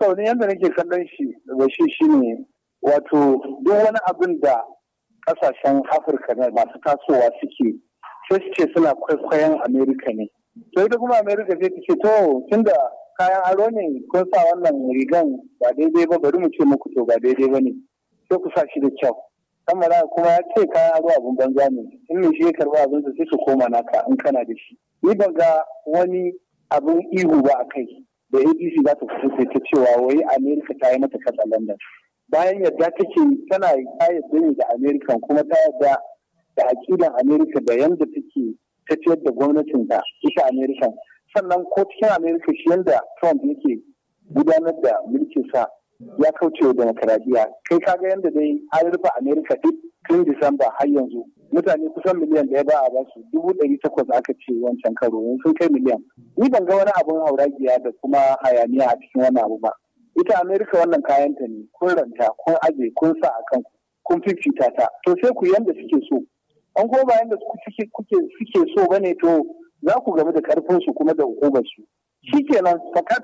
sau ne yadda nake kallon shi bashi shi ne wato duk wani abin da kasashen afirka ne masu tasowa suke sai su ce suna kwaikwayon amerika ne to ita kuma amerika sai ta ce to tunda kayan aro ne kun sa wannan rigan ba daidai ba bari mu ce muku to ba daidai ba ne sai ku sa shi da kyau da kuma ya ce kayan aro abin banza ne in mai shi ya karba abin sai su koma naka in kana da shi ni ban ga wani abin ihu ba a kai da apc za ta fito ta cewa wai amerika ta yi mata kasa london bayan yadda take tana ta yadda ne da amerika kuma ta yadda da aƙidan amerika da yadda take ciyar da gwamnatin ta ita amerika sannan ko cikin amerika shi yadda trump yake gudanar da mulkin sa ya kaucewa wa demokaradiyya kai kaga yadda dai an rufe amerika duk tun disamba har yanzu mutane kusan miliyan ɗaya ba a ba su dubu ɗari takwas aka ce wancan karo sun kai miliyan ni ban ga wani abun hauragiya da kuma hayaniya a cikin wannan abu ba ita amerika wannan kayan ta ne kun ranta kun aje kun sa a kanku kun fifita ta to sai ku yanda suke so an ko ba yanda suke so ba ne, to za ku gamu da karfin su kuma da hukumar su shikenan fakat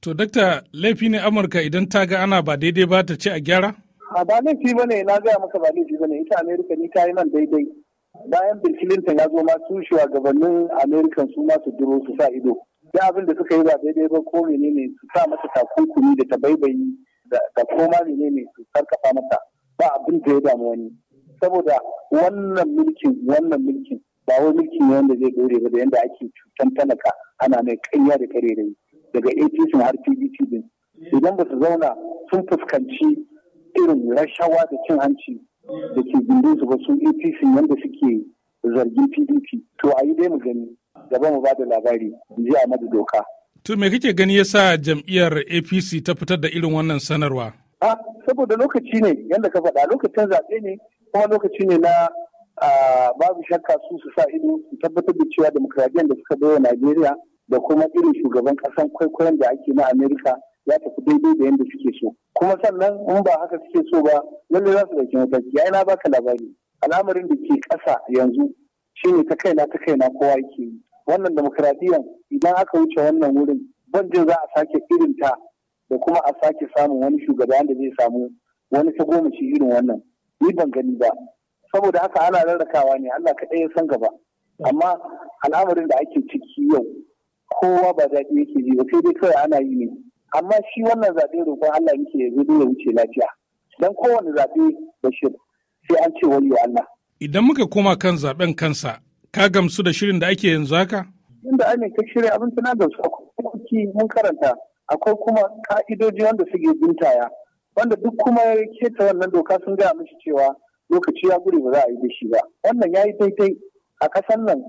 to dakta laifi ne amurka idan ta ga ana ba daidai ba ta ce a gyara a ba laifi bane na gaya maka ba laifi bane ita amerika ni ta yi nan daidai bayan bill clinton ya zo ma su shugabannin america su ma su duro su sa ido da abin da suka yi ba daidai ba ko menene su sa mata takunkumi da ta tabaibayi da koma menene su karkafa mata ba abin da ya damu wani saboda wannan mulkin wannan mulkin ba wai mulki ne wanda zai dore ba da yanda ake cutan talaka ana mai kanya da karerai daga atc har PDP din idan ba su zauna sun fuskanci irin rashawa da cin hanci da ke gindin su ba su apc yadda suke zargin pdp to a yi dai mu gani gaba mu ba da labari ji a madu doka to me kake gani yasa jam'iyyar apc ta fitar da irin wannan sanarwa a saboda lokaci ne yadda ka faɗa lokacin zaɓe ne kuma lokaci ne na babu shakka su su sa ido su tabbatar da cewa demokradiyyar da suka bai wa najeriya da kuma irin shugaban ƙasan kwaikwayon da ake na amerika ya tafi daidai da yadda suke so kuma sannan in ba haka suke so ba lallai za su ɗauki mataki ya na baka labari al'amarin da ke ƙasa yanzu shine ta kaina ta kaina kowa yake yi wannan demokradiyyar idan aka wuce wannan wurin ban jin za a sake irin ta da kuma a sake samun wani shugaba da zai samu wani ta goma shi irin wannan ni ban gani ba saboda haka ana rarrakawa ne Allah kaɗai ya san gaba amma al'amarin da ake ciki yau kowa ba daɗi yake ji ba sai dai kawai ana yi ne amma shi wannan zaɓe roƙon Allah yake ya zo ya wuce lafiya dan kowane zaɓe shi sai an ce wani Allah idan muka koma kan zaɓen kansa ka gamsu da shirin da ake yanzu haka inda ane ka shirya abin tana gamsu akwai mun karanta akwai kuma ka'idoji wanda suke bintaya wanda duk kuma ya keta wannan doka sun gaya mishi cewa lokaci ya gure ba za a yi da shi ba wannan ya yi daidai a kasan nan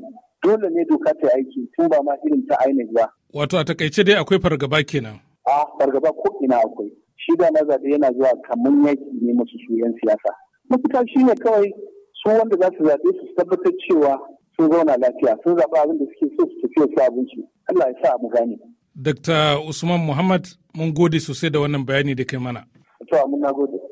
dole ne doka ta yi aiki tun ba ma irin ta ainihi ba wato a takaice dai akwai fargaba kenan a fargaba ko ina akwai shi da na zaɓe yana zuwa kamun yaki ne masu su siyasa mafita shi ne kawai su wanda za su zaɓe su tabbatar cewa sun zauna lafiya sun zaɓi abin da suke so su tafiya su abinci Allah ya sa mu gane. Dr. Usman Muhammad mun gode sosai da wannan bayani da kai mana. To, mun na gode.